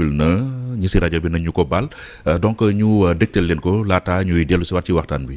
jubbil na ñi si rajo bi nañu ñu ko bal euh, donc ñu euh, dégtal leen ko laata ñuy dellu si waxtaan bi.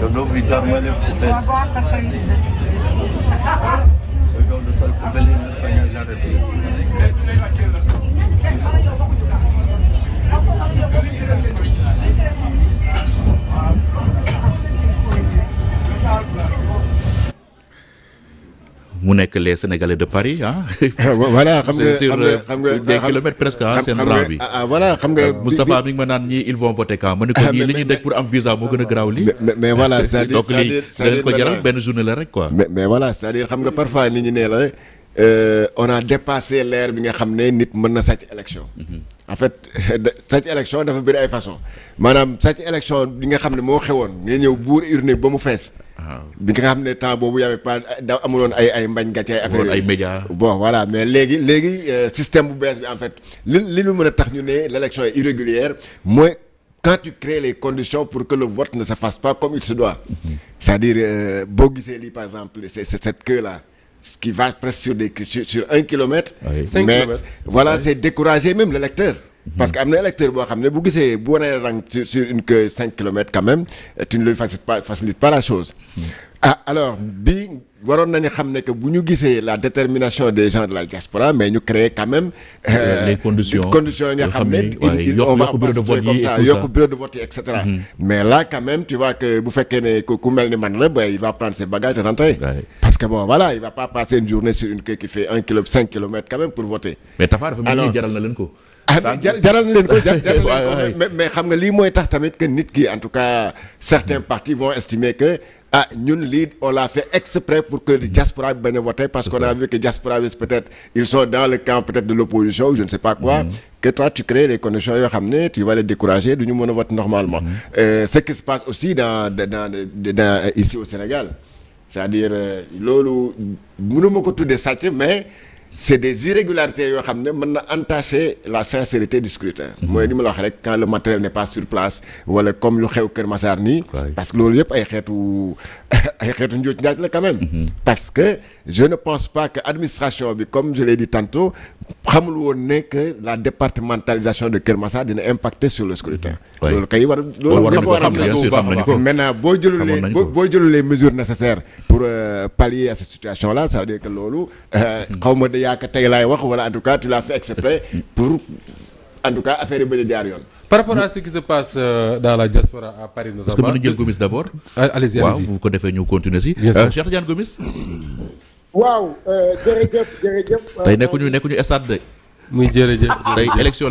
Dodo vidarmale putet. People believe in the final narrative. mu nekk les Sénégalais de Paris ah. voilà xam nga xam nga xam nga xam nga Moustapha mi ngi ma naan ñii ils vont quand ma ne ko ah, ñii li ñuy daj pour am visa moo gën a garaaw lii. mais voilà c'est-à-dire donc lii danañ ko jaral benn journée la rek quoi. mais mais voilà cest xam nga parfois nit ñi nee la. Euh, on a dépassé l'ère bi nga xam ne nit mën na sàcc élection. Mm-hmm. en fait sàcc élection dafa bëri ay façon maanaam sàcc élection bi nga xam ne moo xewoon nga ñëw buur urne ba mu fees. bi nga xam ne temps boobu y avait pas da amuloon ay ay mbañ gàcce ay affaire bon voilà mais léegi léegi euh, système bu bees bi en fait li li lu mën a tax ñu ne l'élection est irrégulière mooy quand tu crées les conditions pour que le vote ne se fasse pas comme il se doit c'est-à-dire euh, boo gisee lii par exemple c'est cette queue là qui va presque sur des sur, sur un kilomètre oui. mais Cinq voilà c'est décourager même l'électeur parce que am na électeur boo xam ne bu gisee bu wanee rang sur une queue cinq kilomètres quand même tu ne lui facilites pas facilite pas la chose mm. ah alors bi waroon nañu xam ne que bu ñu gisee la détermination des gens de la diaspora mais ñu créer quand même. Euh, euh les conditions conditions yi xam ne. yokk bureau de vote yi et cetera. Mm-hmm. mais là quand même tu vois que bu fekkee ne ku mel ni man la il va prendre ses bagages rentrer. Ouais. parce que bon voilà il va pas passer une journée sur une queue qui leen ko. Ah, jaral leen ko jaral mais xam nga lii mooy tax tamit que nit ki en tout cas certains hmm. partis vont estimer que ah ñun lii on l'a fait exprès pour que hmm. diaspora bi bañ a voter parce qu'on a vu que diaspora bi peut-être ils sont dans le camp peut-être de l'opposition je ne sais pas quoi hmm. que toi tu crées les conditions yoo xam ne tu vas les décourager du ñu mën a voter normalement euh, ce qui se passe aussi dans dans dans ici au Sénégal c'est-à-dire euh, loolu mënuma ko tuddee sàcc mais c'est des irrégularités yoo xam ne mën na entacher la sincérité du scrutin. Mhm. mooy li ma la wax rek quand le matériel n'est pas sur place wala comme lu xew Kër Massar nii. parce que loolu yëpp ay xeetu ay xeetu njuuj njaaj la quand mhm. parce que je ne pense pas que administration bi comme je l'ai dit tantôt xamul woon ne que la départementalisation de Kër Massar dina impacter sur le scrutin. loolu kay war loolu ñëpp boo jëlulee boo jëlulee mesures nécessaires pour euh, pallier à cette yaaka tey laay wax wala en tout cas tu l'as fait exprès pour en tout cas affaire yi bañ a jaar yoon. par euh, que mën nañu jël Gomis d'abord. Ah, waaw bu ko defee ñu continuer si. Euh, Cheikh Tidiane Gomis. waaw euh, jërëjëf jërëjëf. tey nekkuñu nekkuñu stade de. muy jërëjëf tey élection